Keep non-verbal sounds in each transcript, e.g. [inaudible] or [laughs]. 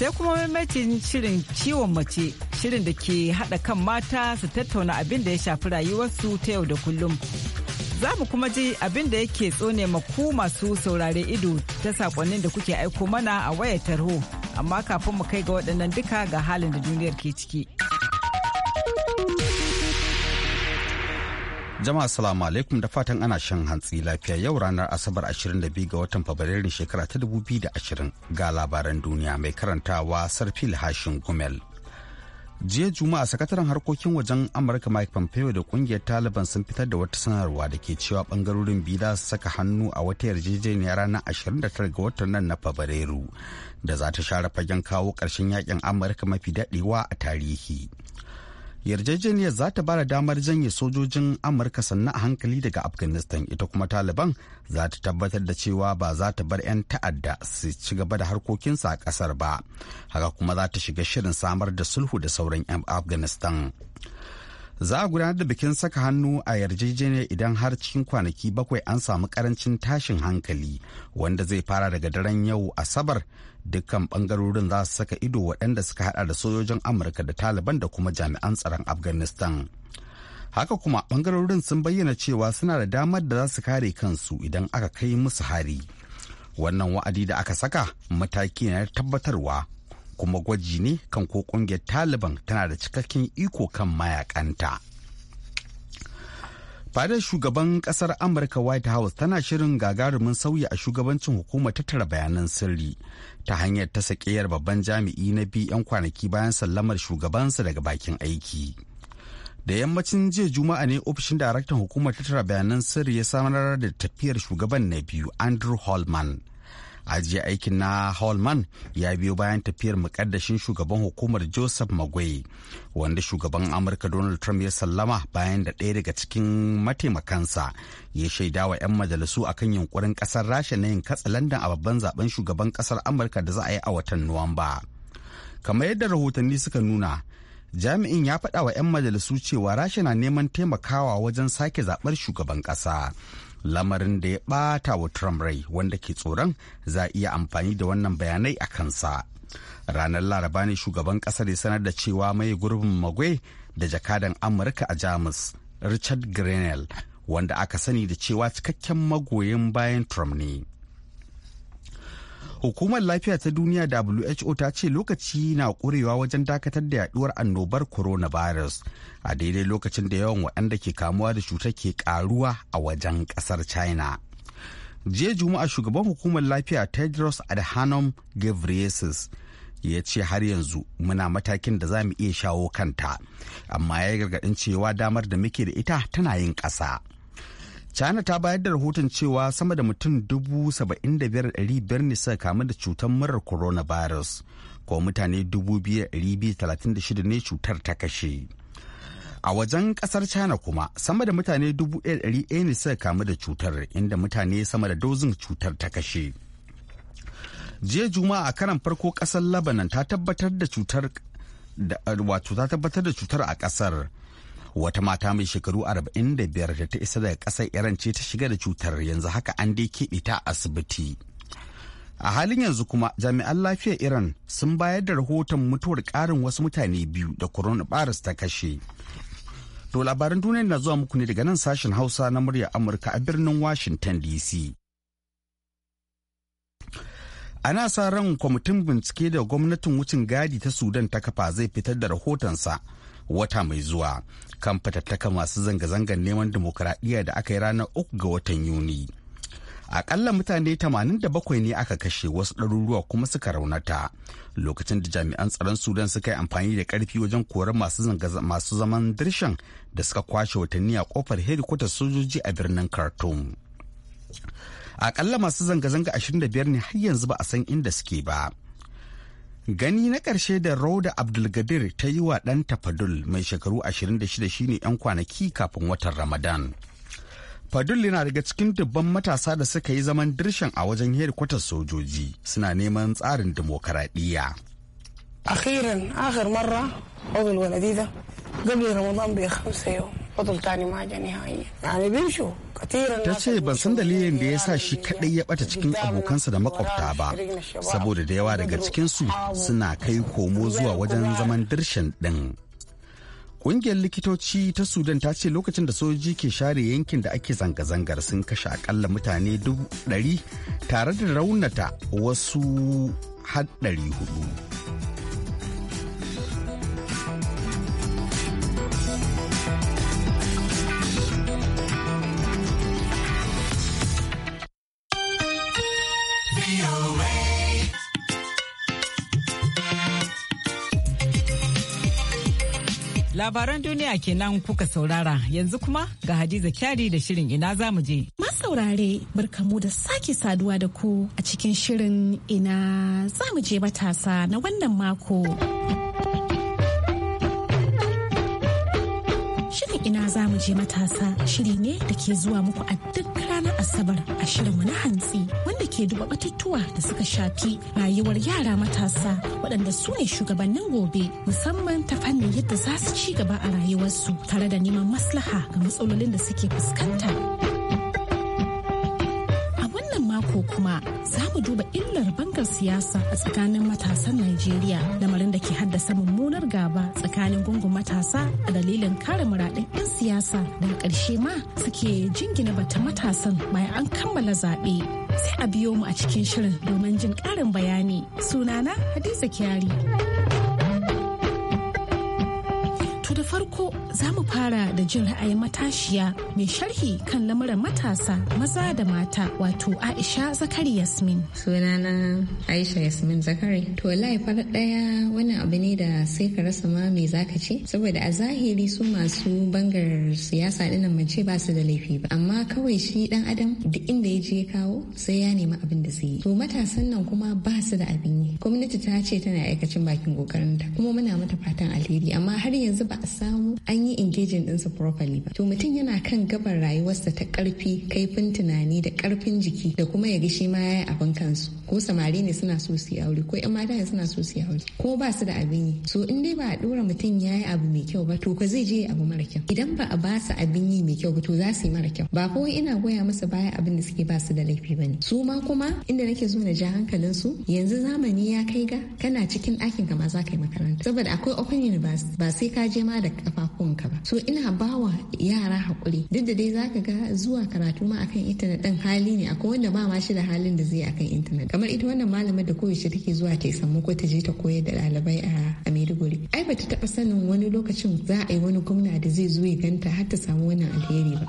sai kuma maimacin shirin ciwon mace shirin da ke haɗa kan mata su tattauna abin da ya shafi rayuwarsu ta yau da kullum za mu kuma ji abin da yake tsone maku masu saurare ido ta saƙonnin da kuke aiko mana a wayar tarho amma kafin mu kai ga waɗannan duka ga halin da duniyar ke ciki. Jama'a salamu alaikum da fatan ana shan hantsi lafiya yau ranar Asabar 22 ga watan Fabrairu shekara ta 2020 ga labaran duniya mai karantawa Sarfil Hashin Gumel. Jiya Juma'a sakataren harkokin wajen Amurka Mike Pompeo da kungiyar Taliban sun fitar da wata sanarwa da ke cewa bangarorin biyu za su saka hannu a wata yarjejeniyar ranar 29 ga watan nan na Fabrairu da za ta share fagen kawo karshen yakin Amurka mafi daɗewa a tarihi. yarjejeniyar za ta bada damar janye sojojin amurka sannan a hankali daga afghanistan ita kuma taliban za ta tabbatar da cewa ba za ta bar 'yan ta'adda su ci gaba da harkokinsu a kasar ba haka kuma za ta shiga shirin samar da sulhu da sauran 'yan afghanistan za a gudanar da bikin saka hannu a yarjejeniyar idan har cikin kwanaki bakwai an samu karancin tashin hankali wanda zai fara daga daren yau asabar dukkan bangarorin za su saka ido waɗanda suka hada da sojojin amurka da taliban da kuma jami'an tsaron afghanistan haka kuma bangarorin sun bayyana cewa suna da damar da za su kare kansu idan aka kai musu hari wannan wa'adi da aka saka mataki na tabbatarwa kuma gwaji ne kan ko kungiyar taliban tana da cikakken iko kan mayakanta. fadar shugaban kasar amurka white house tana shirin gagarumin sauyi a shugabancin hukumar tattara bayanan sirri ta hanyar ta sakeyar babban jami'i na biyu 'yan kwanaki bayan sallamar shugabansa daga bakin aiki da yammacin jiya juma'a ne ofishin daraktan hukumar tattara bayanan sirri ya samar da tafiyar shugaban na biyu andrew holman a jiya aikin na holman ya biyo bayan tafiyar mukaddashin shugaban hukumar joseph magwai wanda shugaban amurka donald trump ya sallama bayan da ɗaya daga cikin mataimakansa ya shaida wa 'yan majalisu a kan yunkurin ƙasar rasha na yin katsalandan a babban zaben shugaban ƙasar amurka da za a yi a watan nuwamba kamar yadda rahotanni suka nuna jami'in ya faɗa wa 'yan majalisu cewa rasha na neman taimakawa wajen sake zaɓar shugaban ƙasa lamarin da ya bata wa Trump rai wanda ke tsoron za iya amfani da wannan bayanai a kansa. Ranar Laraba ne shugaban kasar ya sanar da cewa mai gurbin magwe da jakadan Amurka a Jamus Richard Grenell wanda aka sani da cewa cikakken magoyin bayan Trump ne. Hukumar lafiya ta duniya WHO ta ce lokaci na ƙurewa wajen dakatar da yaduwar annobar coronavirus a daidai lokacin da yawan waɗanda ke kamuwa da cutar ke karuwa a wajen ƙasar China. Jiya Juma'a shugaban hukumar lafiya Tedros Adhanom Ghebreyesus ya ce har yanzu muna matakin da za mu iya shawo kanta amma ya yi gargaɗin cewa damar da muke da ita tana yin ƙasa. china ta bayar da rahoton cewa sama da mutum biyar ne suka kamu da cutar murar coronavirus ko mutane 2,236 ne cutar ta kashe a wajen kasar china kuma sama da mutane 1,100 ne suka kamu da cutar inda mutane sama da dozin cutar ta kashe jiya juma'a a karan farko kasar labanan ta tabbatar da cutar wato ta tabbatar da cutar a kasar wata mata mai shekaru 45 da biyar da ta isa daga ƙasar iran ce ta shiga da cutar yanzu haka an dai keɓe ta asibiti a halin yanzu kuma jami'an lafiyar iran sun bayar da rahoton mutuwar ƙarin wasu mutane biyu da coronavirus ta kashe to labaran duniya na zuwa muku ne daga nan sashen hausa na murya amurka a birnin washington dc ana sa ran kwamitin bincike da gwamnatin wucin gadi ta sudan ta kafa zai fitar da rahotonsa wata mai zuwa kan fatattaka masu zanga-zangar neman dimokuraɗiyya da aka yi ranar uku ga watan yuni akalla mutane 87 ne aka kashe wasu ɗaruruwa kuma suka raunata lokacin da jami'an tsaron sudan suka yi amfani da ƙarfi wajen korar masu masu zaman dirshan da suka kwashe watanni a kofar hedikwatar sojoji a birnin khartoum akalla masu zanga-zanga 25 ne har yanzu ba a san inda suke ba Gani na ƙarshe da Rauda Abdulgadir ta yi wa ɗanta Fadul mai shekaru 26 shine 'yan kwanaki kafin watan Ramadan. Fadul yana daga cikin dubban matasa da suka yi zaman dirshan a wajen hedikwatar sojoji suna neman tsarin dimokuraɗiyya. أخيرا آخر مرة عضل قبل رمضان بخمسة يوم ta ce ban san dalilin da ya sa shi kaɗai ya ɓata cikin abokansa da makwabta ba saboda da yawa daga cikinsu suna kai komo zuwa wajen zaman dirshan ɗin Ƙungiyar likitoci ta Sudan ta ce lokacin da sojoji ke share yankin da ake zanga-zangar sun kashe akalla mutane dubu ɗari tare da raunata wasu har huɗu. hudu. Labaran duniya kenan kuka saurara yanzu kuma ga Hadiza Kyari da shirin ina za mu je. Masaurare barkamu da sake saduwa da ku a cikin shirin ina za mu je matasa na wannan mako. Shirin ina za mu je matasa shiri ne da ke zuwa muku a duk Asabar a shirinmu na hantsi wanda ke duba batutuwa da suka shafi rayuwar yara matasa waɗanda su ne shugabannin gobe musamman ta fannin yadda za su ci gaba a rayuwarsu tare da neman maslaha ga matsalolin da suke fuskanta. A wannan mako kuma za duba bangantar siyasa a tsakanin matasan Najeriya lamarin da ke haddasa mummunar gaba tsakanin gungun matasa a dalilin kare muradin 'yan siyasa daga ƙarshe ma suke jingina bata matasan bayan an kammala zaɓe. Sai a biyo mu a cikin shirin domin jin ƙarin bayani. Sunana Hadiza Kyari. To da farko za mu fara da jin ra'ayin matashiya mai sharhi kan lamuran matasa maza da mata wato Aisha Zakari Yasmin. Sunana Aisha Yasmin Zakari. To wallahi ɗaya daya wani abu ne da sai ka rasa ma me zaka ce saboda a zahiri su masu bangar siyasa nan mace ba su da laifi ba amma kawai shi dan adam duk inda ya je kawo sai ya nemi abin da zai yi. To matasan nan kuma ba su da abin yi. Gwamnati ta ce tana aikacin bakin kokarinta kuma muna mata fatan alheri amma har yanzu ba a samu an an yi engaging ɗinsa properly ba to mutum yana kan gabar rayuwarsa ta ƙarfi kaifin tunani da ƙarfin jiki da kuma ya shi ma ya yi abin kansu ko samari ne suna so su yi aure ko yan mata ne suna so su yi aure ko ba su da abin yi so in dai ba a ɗora mutum ya yi abu mai kyau ba to ka zai je ya abu mara kyau idan ba a ba su abin yi mai kyau ba to za su yi mara kyau ba kowai ina goya masa baya abin da suke ba su da laifi ba ne su ma kuma inda nake so na ja hankalin su yanzu zamani ya kai ga kana cikin ɗakin ka ma za ka yi makaranta saboda akwai open university ba sai ka je ma da kafafun bawanka ba so ina bawa yara hakuri duk da dai zaka ga zuwa karatu ma akan intanet ɗin hali ne akwai wanda ba ma shi da halin da zai akan intanet kamar ita wannan malamar da koyaushe take zuwa ta samu ko ta je ta koyar da ɗalibai a Maiduguri ai bata taɓa sanin wani lokacin za a yi wani gwamna da zai zo ya ganta har ta samu wannan alheri ba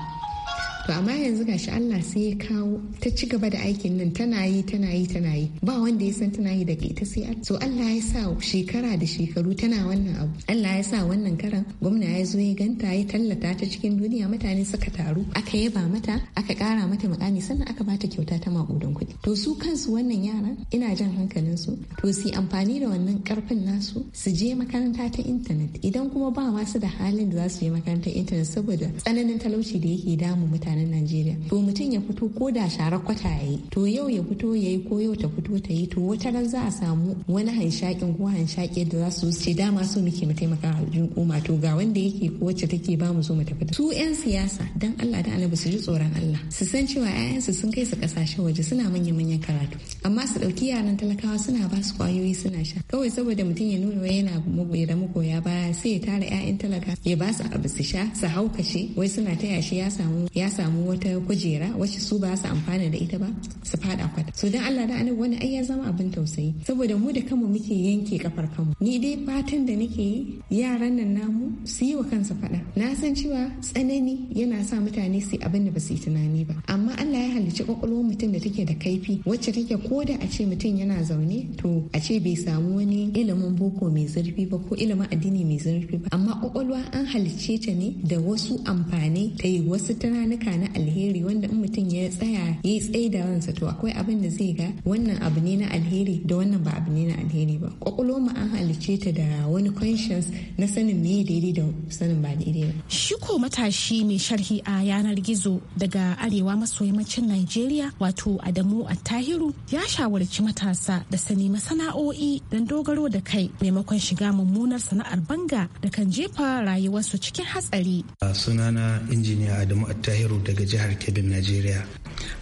to amma yanzu gashi Allah sai ya kawo ta ci gaba da aikin nan tana yi tana yi tana yi ba wanda ya san tana yi daga ita sai Allah so Allah ya sa shekara da shekaru tana wannan abu Allah ya sa wannan karan gwamna ya zo ya ganta ya tallata ta cikin duniya mutane suka taru aka yaba mata aka kara mata mukami sannan aka bata kyauta ta makudan kuɗi to su kansu wannan yaran ina jan hankalin su to su amfani da wannan karfin nasu su je makaranta ta intanet idan kuma ba ma su da halin da za su je ta intanet saboda tsananin talauci da yake damu mutane mutanen najeriya to mutum ya fito ko da share kwata ya yi to yau ya fito ya yi ko yau ta fito ta yi to wata ran za a samu wani hanshakin ko hanshakin da za su ce dama so muke mu taimaka al'umma to ga wanda yake ko wacce take ba mu so mu tafi su yan siyasa dan Allah da Allah su ji tsoron Allah su san cewa 'ya'yansu sun kai su kasashen waje suna manya-manyan karatu amma su ɗauki yaran talakawa suna ba su kwayoyi suna sha kawai saboda mutum ya nuna yana magoya da magoya baya sai ya tara 'ya'yan talaka ya ba su abu su sha su haukace wai suna taya shi ya samu ya samu samu wata kujera wacce su ba su amfana da ita ba su fada kwata so dan Allah da annabi wani ai ya zama abin tausayi saboda mu da kanmu muke yanke kafar kanmu ni dai fatan da nake yi yaran nan namu su yi wa kansa fada na san cewa tsanani yana sa mutane su abin da ba su yi tunani ba amma Allah ya halicci kwakwalwar mutum da take da kaifi wacce take koda a ce mutum yana zaune to a ce bai samu wani ilimin boko mai zurfi ba ko ilimin addini mai zurfi ba amma kwakwalwa an halicce ta ne da wasu amfani ta yi wasu tunanuka ayyuka na alheri wanda in mutum ya tsaya ya tsaye da ransa to akwai abin da zai ga wannan abu ne na alheri da wannan ba abu ne na alheri ba kwakwalwa mu an halice ta da wani conscience na sanin me daidai da sanin ba daidai ba shi matashi mai sharhi a yanar gizo daga arewa maso yammacin Najeriya wato Adamu Attahiru ya shawarci matasa da sani masana'o'i don dogaro da kai maimakon shiga mummunar sana'ar banga da kan jefa rayuwarsu cikin hatsari. Sunana injiniya Adamu Attahiru daga jihar Kebbi Najeriya.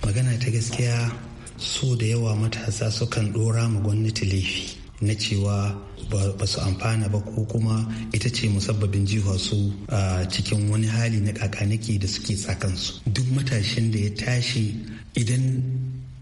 Magana ta gaskiya so da yawa matasa sukan ɗora ma gwamnati laifi na cewa ba su amfana ba ko kuma ita ce musabbabin jiwa su a cikin wani hali na kakaniki da suke tsakansu. Duk matashin da ya tashi idan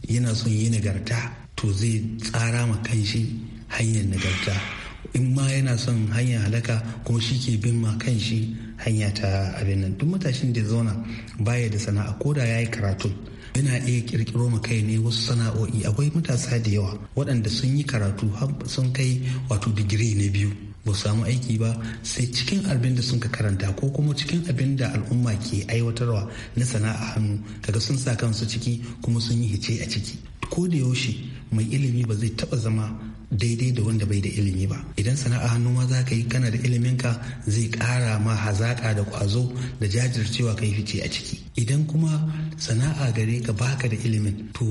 yana son yi nagarta to zai tsara ma kanshi hanyar nagarta. in ma yana son hanyar halaka ko shi ke bin ma kan shi hanya ta abin nan duk matashin da zauna baya da sana'a ko da yayi karatu yana iya kirkiro ma kai ne wasu sana'o'i akwai matasa da yawa waɗanda sun yi karatu sun kai wato digiri na biyu ba samu aiki ba sai cikin abin da sun ka karanta ko kuma cikin abin da al'umma ke aiwatarwa na sana'a hannu kaga sun sa kansu ciki kuma sun yi hice a ciki ko da yaushe mai ilimi ba zai taba zama daidai da wanda bai da ilimi ba idan sana'a hannu ma za ka yi kana da ilimin ka zai kara ma hazaka da kwazo da jajircewa ka fice a ciki idan kuma sana'a gare ka baka da ilimin to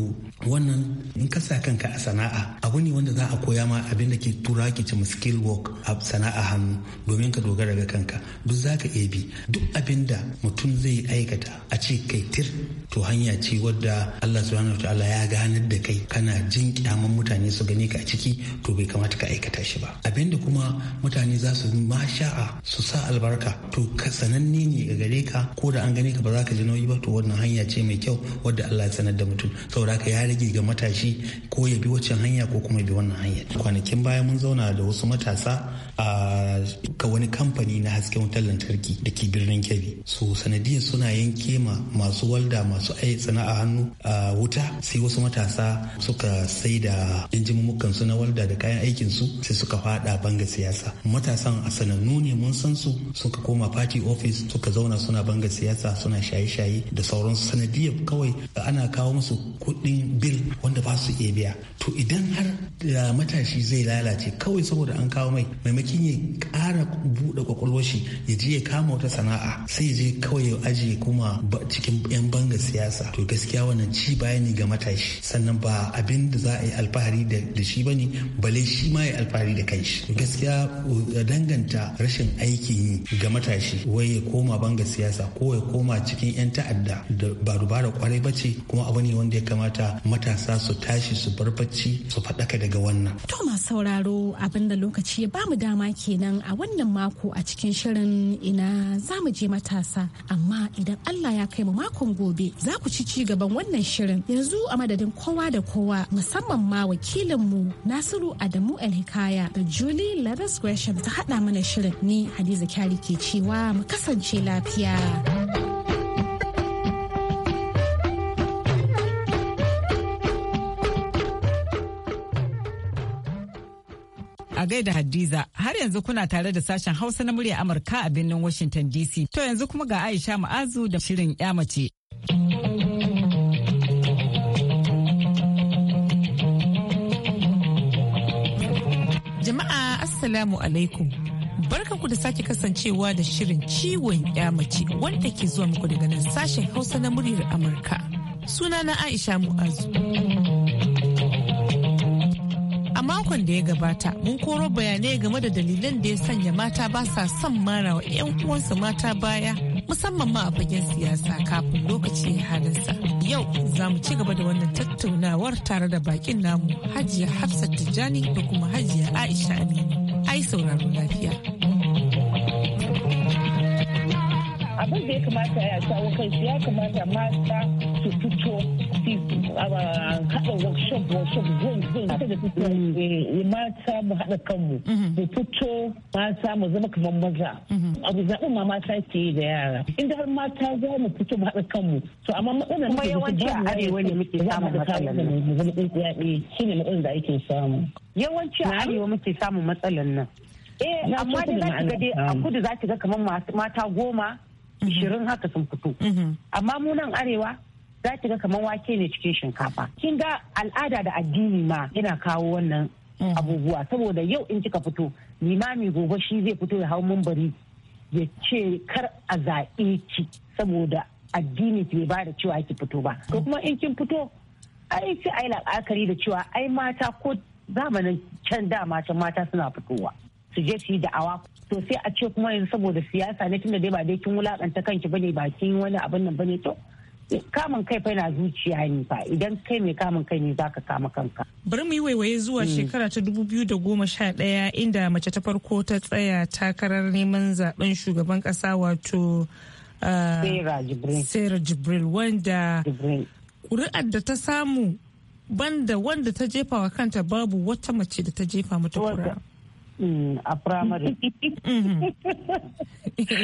wannan in ka sa kanka a sana'a abu ne wanda za a koya ma abin da ke tura ki cin skill work a sana'a hannu domin ka dogara ga kanka duk za ka iya bi duk abin da mutum zai aikata a ce kai tir to hanya ce wadda Allah subhanahu wa ta'ala ya ganar da kai kana jin kyaman mutane su gani ka a ciki to bai kamata ka aikata shi ba abin da kuma mutane za su ma sha'a su sa albarka to ka sananne ne ga gare ka ko da an gane ka ba za ka ji nauyi ba to wannan hanya ce mai kyau wadda Allah ya sanar da mutum saboda haka ya rage ga matashi ko ya bi waccan hanya ko kuma bi wannan hanya kwanakin baya mun zauna da wasu matasa a ka wani kamfani na hasken wutar lantarki da ke birnin Kebbi so sanadiyar suna yanke ma masu walda masu ayi sana'a hannu a wuta sai wasu matasa suka sai da injin mukan na walda huda da kayan aikin su sai suka faɗa banga siyasa matasan a sanannu ne mun san su suka koma party office suka zauna suna banga siyasa suna shaye-shaye da sauransu sanadiyar kawai ana kawo musu kuɗin bil wanda ba su iya biya to idan har da matashi zai lalace kawai saboda an kawo mai maimakin ya ƙara buɗe kwakwalwar shi ya je ya kama wata sana'a sai je kawai ya ajiye kuma cikin 'yan banga siyasa to gaskiya wannan ci baya ga matashi sannan ba abin da za a yi alfahari da shi bane bale shi ma ya alfahari da shi gaskiya danganta rashin aikin yi ga matashi wai ya koma banga siyasa ko ya koma cikin 'yan ta'adda da ba dubara kwarai ba ce kuma abu ne wanda ya kamata matasa su tashi su bar bacci su faɗaka daga wannan. To masu sauraro abinda lokaci ya bamu dama kenan a wannan mako a cikin shirin ina za mu je matasa amma idan Allah ya kai mu makon gobe za ku ci ci gaban wannan shirin yanzu a madadin kowa da kowa musamman ma wakilin mu na Nasiru Nasiru Adamu hikaya da Julie Leathers Gresham ta haɗa mana shirin ni Hadiza Kyari ke cewa mu kasance lafiya. a gaida Hadiza har yanzu kuna tare da sashen Hausa na murya Amurka a birnin Washington DC. To yanzu kuma ga Aisha Ma'azu da shirin 'ya mace. Assalamu alaikum. ku da sake kasancewa da shirin ciwon ya mace wanda ke zuwa muku daga nan sashen Hausa na muryar Amurka. suna na Aisha Mu'azu. A makon da ya gabata mun koro bayanai game da dalilan da ya sanya mata ba sa son mara wa 'yan uwansa mata baya musamman ma a fagen siyasa kafin lokaci halinsa. Yau za mu ci gaba da wannan tattaunawar tare da bakin namu Hajiya Hafsat Tijjani da kuma Hajiya Aisha Aminu. ai sauraron lafiya. Abin da ya kamata ya shawo kai ya kamata mata su fito haɗa workshop workshop zai zai da su eh, eh, mata mu haɗa kanmu mhm. mu fito mata mu zama kamar maza mhm. abu zaɓin ma mata ke yi da yara inda har mata za mu fito mu haɗa kanmu to amma matsalar kuma yawanci a arewa ne muke samun matsalar mu zama tsintsiya ɗaya shine matsalar da ake samu yawanci a arewa muke samun matsalar nan eh amma da za ki ga dai a kudu za ki ga kamar mata goma mhm. ishirin haka sun fito amma mu nan arewa za ki ga kamar wake ne cikin shinkafa kin ga al'ada da addini ma yana kawo wannan mhm. abubuwa saboda yau in kika fito limami gobe shi zai fito ya hau mumbari ya ce kar a zaɓe ki saboda addini ki ba da cewa ki fito ba to kuma in kin fito ai sai ai la'akari da cewa ai mata ko zamanin can da mata mata suna fitowa su je su yi awa. to sai a ce kuma yanzu saboda siyasa ne tunda dai ba dai kin wulakanta kanki bane ba kin wani abin nan bane to kamun kai fa yana zuciya ne fa idan kai mai kamun kai ne zaka kama kanka bari mu yi waiwaye zuwa hmm. shekara ta 2011 inda mace ta farko ta tsaya takarar neman zaben shugaban kasa wato uh, Sarah Jibril wanda kuri'ar da ta samu banda wanda ta jefa wa kanta babu wata mace da ta jefa mata kura. Hmm, a firamare. [laughs] Mm-hmm.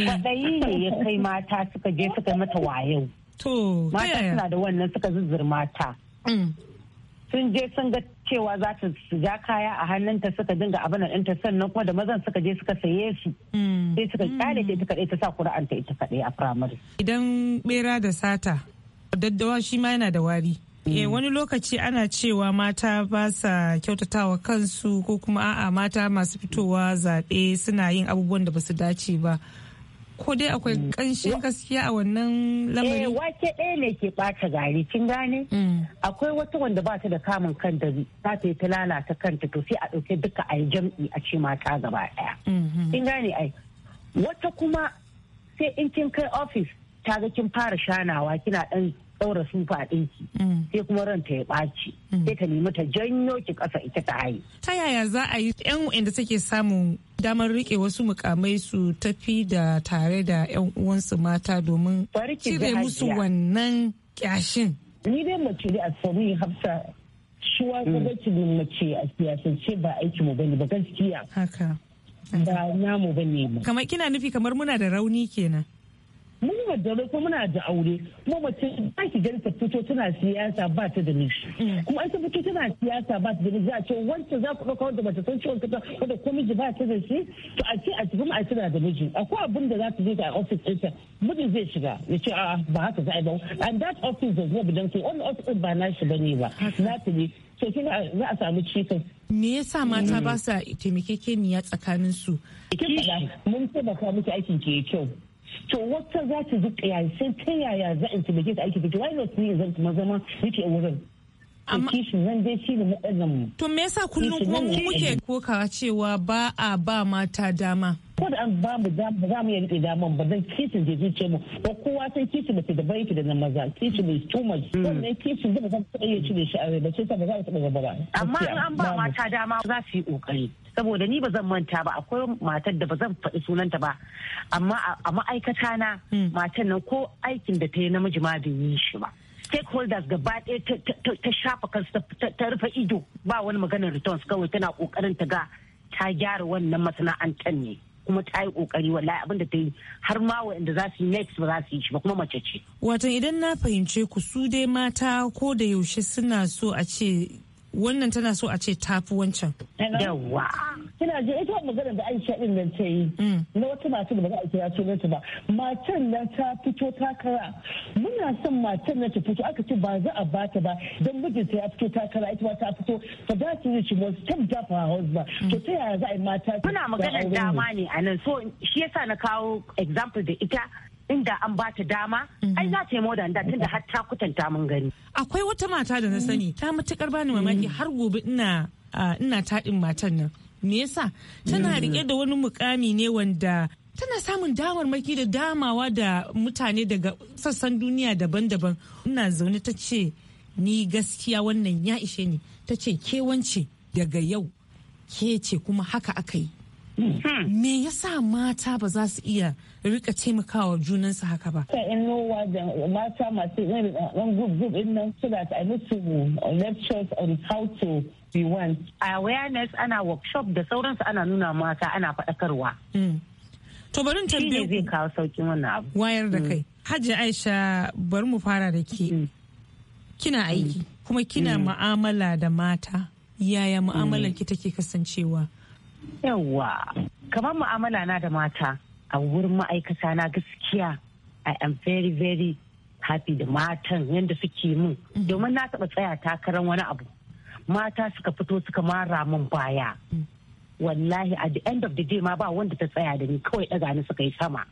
Kwaɗayi ne ya kai mata suka je suka mata wayau. To, mata suna da wannan suka zuzzur mata. Mm. Sun je sun ga cewa za ta ja kaya a hannunta suka dinga abin ɗinta sannan kuma da mazan suka je suka saye su. Mm. Sai suka kyale mm. ta ita kaɗai ta sa kura'anta ita kaɗai a firamare. Idan ɓera da sata, daddawa shi ma yana da wari. Eh, wani lokaci ana cewa mata ba sa kyautatawa kansu ko kuma a'a mata masu fitowa zaɓe suna yin abubuwan da ba su dace ba. ko dai akwai kanshin mm. gaskiya a wannan eh, lamarin eh wake ɗaya ne ke ɓata gari kin gane mm. akwai wata wanda ba ta da kamun kan da za ta yi ta lalata kanta to sai a ɗauke duka a yi jam'i a ce mata gaba ɗaya mm-hmm. kin gane ai wata kuma sai in kin kai ofis ta ga kin fara shanawa kina ɗan ɗaura sufa ɗinki mm. sai kuma ranta ya ɓaci mm. sai ta nemi ta janyo ki ƙasa ita ta haye. ta yaya za a yi yan wanda take samun damar riƙe wasu mukamai su tafi da tare da yan uwansu mata domin cire musu wannan kyashin. ni dai mace da asali hafsa shuwa mm. ne mace a siyasance ba aiki mu bane ba gaskiya. haka. ba namu bane. kamar kina nufi kamar muna da rauni kenan. mun yaddare ko muna da aure kuma mace ba ki gani ta fito tana siyasa ba ta da miji kuma an ta tana siyasa ba ta da miji za a ce wancan za ku ɗauka wanda mace san ciwon kanta wanda ko miji ba ta da shi to a ce a tafi a tana da miji akwai abin da za ta je ta office ɗinta mijin zai shiga ya ce a'a ba haka za a yi ba and that office da zuwa bidan to wannan office ba na shi bane ba za ta ne to kina za a samu cikin. me yasa mata ba sa taimakekeniya tsakanin su kin faɗa mun taimaka miki aikin ke kyau to wata za ta sai ta yaya za in taimake ta aiki fito why not ne zan kuma zama nake a wurin kishin shi mu. To me yasa kullum kuma mu muke kokawa cewa ba a ba mata dama? Ko da an ba mu dama za mu yi rike dama ba zan kishin je zuciya mu ko kowa sai kishin mace da bai da na maza kishin mai too much. Hmm. ne kishin zai ba za iya cire shi a rai ba sai ba za ta taɓa gaba ba. Amma in an ba mata dama za su yi ƙoƙari. saboda ni ba zan manta ba akwai matar da ba zan faɗi sunanta ba amma a ma'aikata na hmm. matan nan ko aikin da ta yi namiji ma bai yi shi ba stakeholders gaba ɗaya ta shafa kansu ta rufe ido ba wani maganar returns kawai tana kokarin ta ga ta gyara wannan masana'antar ne kuma ta yi kokari wallahi abin da ta yi har ma waɗanda za su yi next ba za su yi shi ba kuma mace ce. Watan idan na fahimce ku su dai mata ko da yaushe suna so a ce wannan tana so a ce tafi wancan. Yawwa. Kina ji ita magana da Aisha din nan ta yi. Mm. Na wata matar da ba za a kira ta ba. Matar nan ta fito takara. Muna son matar na ta fito aka ce ba za a bata ba dan ta ya fito takara ita ma ta fito ta za su yi shi ba da ba. Mm. To ta yaya za a yi mata. Muna magana dama ne a nan so shi yasa na kawo example da ita inda an ba ta dama mhm. ai za ta yi modan da tunda har ta kutanta mun gani akwai wata mata da na mhm. sani ta matukar bani mamaki mhm. har gobe ina ina taɗin matan nan me yasa tana rike da wani mukami ne wanda tana samun maki da damawa da mutane daga sassan duniya daban-daban ina zaune ta ce ni gaskiya wannan ya ishe ni ta ce kewance daga yau ke ce kuma haka aka yi Hmm. Me yasa mata ba za su iya rika taimakawa junansu haka ba? Ta in nowa da eh, mata masu irin eh, ɗan group in nan so that I need to uh, lectures on how to be one. Awareness ana workshop da sauransu ana nuna mata ana faɗakarwa. Hmm. To bari in tambaye zai kawo saukin wannan abu. Wayar da hmm. kai. Hajji Aisha bari mu fara da ke. Kina aiki kuma kina ma'amala da mata. Yaya mu'amalar ki take kasancewa? Yawwa, kamar mu'amala na da mata a wurin ma'aikata na gaskiya I am very very happy da matan yadda suke mun mhm. domin na taɓa tsaya takarar wani abu. Mata suka fito suka mara mun baya. Mm. Wallahi at the end of the day ma ba wanda ta tsaya da ni kawai ɗaga ni suka yi sama.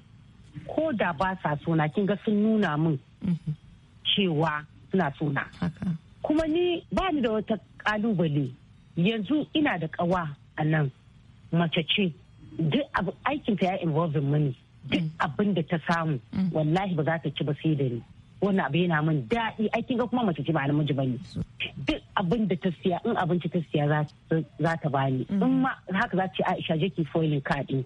Ko da ba sa sona kin ga sun nuna min mhm. cewa suna suna. Kuma ni ba ni da wata ƙalubale yanzu ina da ƙawa a nan mace ce duk abu aikin ta ya involving money duk mm. abin da ta samu mm. wallahi ba za ta ci ba sai da ni wannan abu yana min daɗi aikin ga kuma mace ce ba namiji bane duk abin da ta siya in abinci ta siya za ta bani mm. in ma haka za ce Aisha je ki foiling card din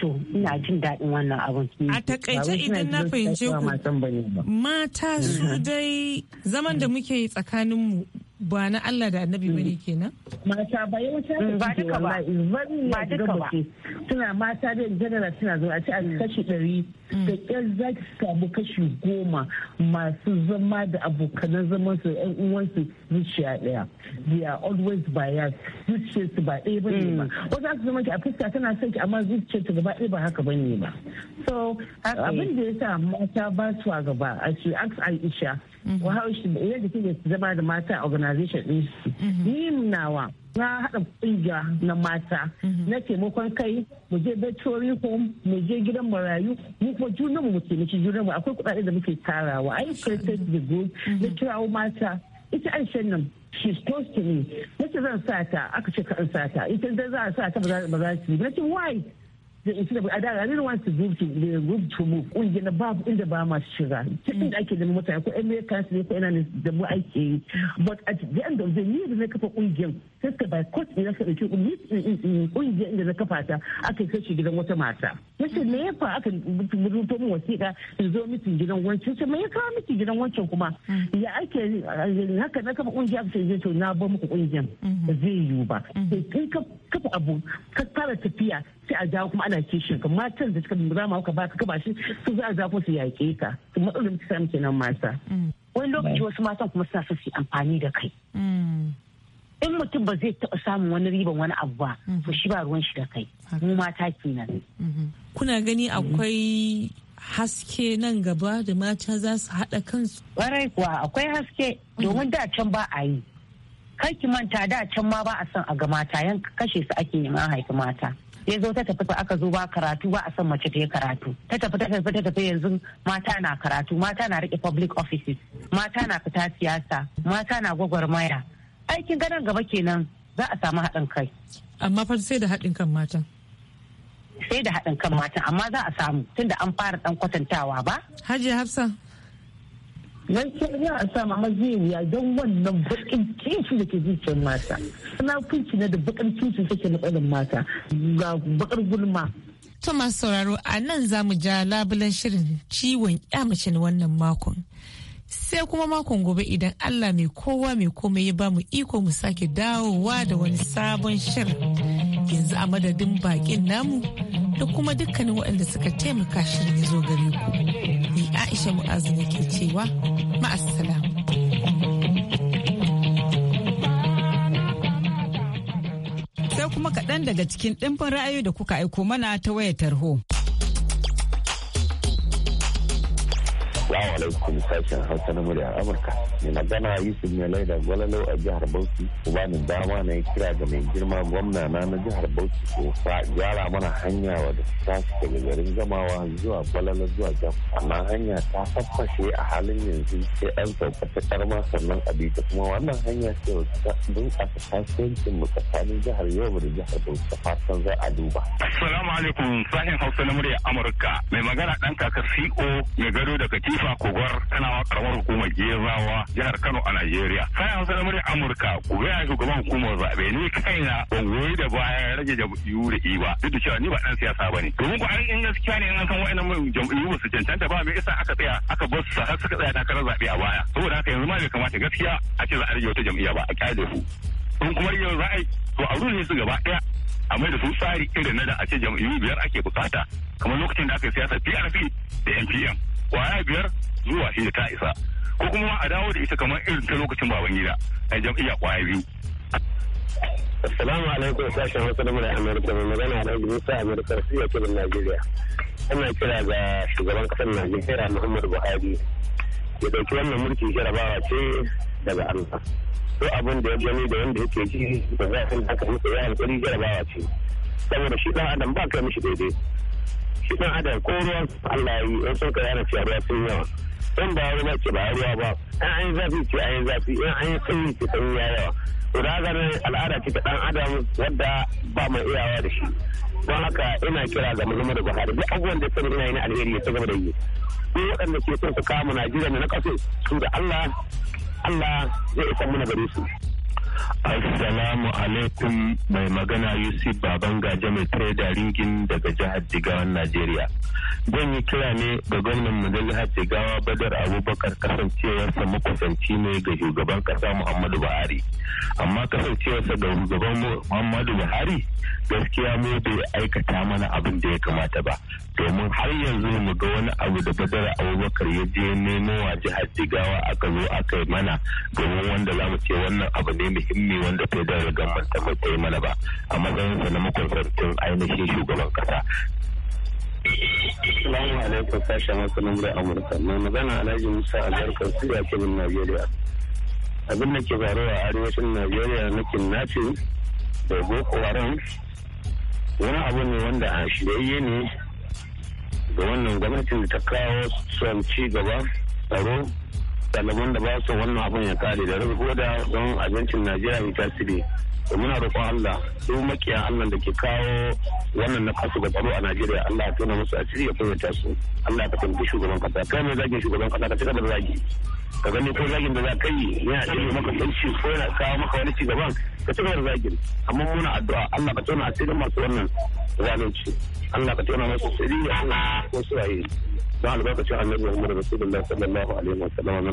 to ina jin daɗin wannan abin. A takaice idan na fahimce ku mata su [laughs] dai zaman da muke tsakanin mu. ba na Allah da annabi bane mm. kenan mata ba ta ba duka ba ba duka ba suna mata da general suna zo a ci a mm. kashi ɗari mm. da ƙyar za ki samu kashi goma masu zama da abokanan zaman su ƴan uwansu zuciya daya. they are always bias zuciyar su ba ɗaya ne ba wata su zama ki a fuska tana son ki amma zuciyar su gaba ɗaya ba haka ne ba so abin da ya sa mata ba su a gaba a ce ask Aisha da mhm. yadda eh, su zama da mata a organization ɗin su mhm. ni nawa na haɗa ƙungiya na mata mhm. na taimakon kai mu je veterinary home mu je gidan marayu mu kuma junan mu taimaki junan mu akwai kuɗaɗe da muke tarawa ai created the group na kirawo mata ita aishan nan is close to me nace zan sa ta aka ce ka an sa ta ita da za sa ta ba za su yi nace why instead of a da I didn't want group to group to move uh, kungiyar babu inda ba ma shiga cikin da ake da mutane ko MA kansu ne ko ina ne da mu ake yi but at the end of the da na kafa kungiyar sai ka by court ina ka dauki kungiyar inda na kafa ta aka kai shi gidan wata mata yace me ya fa aka rubuto min wasiƙa in zo mitin gidan wancan sai me ya kawo mitin gidan wancan kuma mm. ya ake eh, haka na kafa kungiyar sai je to na ba muku kungiyar mm-hmm. zai yiwu ba mm-hmm. sai kin kafa abu ka fara tafiya sai a jawo kuma ana kana shi ka matan da suka zama ka ba ka shi su za a zafo su yaƙe ka su matsalolin ta samu kenan mata wani lokaci wasu matan kuma suna so su amfani da kai in mutum ba zai taɓa samun wani riban wani abu ba to shi ba ruwan shi da kai mu mata kenan kuna gani akwai haske nan gaba da mata za su haɗa kansu ƙwarai kuwa akwai haske domin da can ba a yi kar ki manta da can ma ba a son a ga mata yan kashe su ake neman haifi mata ya zo ta tafi aka zo ba karatu ba a san mace ta yi karatu ta tafi ta tafi ta tafi yanzu mata na karatu mata na rike public offices mata na fita siyasa mata na gwagwarmaya aikin ganin gaba kenan za a samu haɗin kai amma fa sai da haɗin kan matan sai da haɗin kan matan amma za a samu tunda an fara ɗan kwatantawa ba hajiya hafsa ce za a sa mama zai wuya don wannan bakin kici da ke zuciyar mata na kunci na da bakin kici take na tsanin mata ga bakar gulma to masu sauraro a nan za mu ja labulen shirin ciwon mace na wannan makon sai kuma makon gobe idan allah mai kowa mai komai ya ba mu iko mu sake dawowa da wani sabon shirin yanzu a madadin bakin namu da kuma dukkanin waɗanda suka taimaka shirin zo gare ku Aisha Mu'azu ne ke cewa ma'asala. Sai kuma kaɗan daga cikin ɗimbin ra'ayoyi da kuka aiko mana ta wayar tarho. Assalamu alaikum sashen Hausa na murya Amurka. Mai magana Yusuf Melai da Gwalalo a jihar Bauchi. Ku ba ni dama na ya kira ga mai girma gwamna na na jihar Bauchi ko fa gyara mana hanya wadda ta tashi daga garin gamawa zuwa Gwalalo zuwa Jam. Amma hanya ta faffashe a halin yanzu sai an sauka ta karma sannan a bita kuma wannan hanya ce wacce ta bunƙasa kasuwancin mu tsakanin jihar Yobe da jihar Bauchi ta fatan za a duba. Assalamu alaikum sashen Hausa na murya Amurka. Mai magana ɗan kaka CO e mai gado da Khalifa Kogor kana karamar hukumar Gezawa jihar Kano a Najeriya. Sai Hausa Amurka ku ga shugaban hukumar zaɓe ni kaina ban goyi da baya rage jam'iyyu da ba. duk da cewa ni ba dan siyasa ba ne. Domin ku an in gaskiya ne an san wa'annan jam'iyyu ba su cancanta ba me yasa aka tsaya aka bar su har suka tsaya takarar zaɓe a baya. Saboda haka yanzu ma bai kamata gaskiya a ce za a rage wata jam'iyya ba a kyale su. In kuma yau za a yi to a rune su gaba ɗaya a mai da su tsari irin na da a ce jam'iyyu biyar ake bukata kamar lokacin da aka yi siyasa PRP da NPM. kwaya biyar zuwa shida ta isa ko kuma a dawo da ita kamar irin ta lokacin baban gida a jam'iyya kwaya biyu. Assalamu alaikum sashen wasu da mura Amurka mai magana da Musa Amurka su ya kiran Najeriya. Ina kira ga shugaban kasar Najeriya Muhammadu Buhari ya ɗauki wannan mulki jarabawa ce daga Allah. Ko abin da ya gani da wanda yake ji da za a haka musu ya hankali jarabawa ce. Saboda shi ɗan adam ba kai mishi daidai. shi dan ko ruwan Allah yi in sun ka yana fiya ruwa sun yawa don ba ruwa ce ba ruwa ba in an yi zafi ce an yi zafi in an yi sanyi ce sanyi ya yawa to da haka al'ada ce ta dan adam wadda ba ma iyawa da shi don haka ina kira ga mulmu da Buhari duk abubuwan da sani ina yi na alheri ya gaba da yi ko waɗanda ke son su kama Najeriya na kaso su da Allah Allah zai isa mana gare su Assalamu alaikum mai magana Yusuf Baban Gaje mai da ringin daga jihar Jigawan Najeriya. Zan yi kira ne ga gwamnan mu jihar Jigawa Badar Abubakar kasancewarsa makusanci ne ga shugaban kasa Muhammadu Buhari. Amma kasancewarsa ga shugaban Muhammadu Buhari gaskiya mu bai aikata mana abin da ya kamata ba. domin har yanzu mu ga wani abu da badar abubakar ya je nemo wa jihar jigawa aka zo aka yi mana domin wanda za mu ce wannan abu ne muhimmi wanda ta federal government ta mai mana ba a sa na makwabtancin ainihin shugaban kasa Assalamu alaikum sashen wasu lambar Amurka. Mai magana Alhaji Musa Albarkar su da kebin Najeriya. Abin da ke faruwa a arewacin Najeriya na kinnacin da Boko Haram wani abu ne wanda a shirye ne da wannan gwamnati ta kawo son ci gaba tsaro ɗaliban da ba su wannan abin ya kare da rufe don abincin najeriya mai tasiri muna roƙon Allah su makiya Allah da ke kawo wannan na kasu ga tsaro a Najeriya Allah ya tona musu asiri ya fahimta su Allah ya fahimci shugaban kasa kai mai zagin shugaban kasa ka ci da zagi ka gani ko zagin da za ka yi yana ɗaya maka sanci ko yana kawo maka wani ci gaban ka ci da zagin amma muna addu'a Allah ka tona asirin masu wannan zalunci Allah ka tona musu asiri ya Allah ko su waye don albarkacin annabi Muhammad Rasulullah sallallahu alaihi wa sallam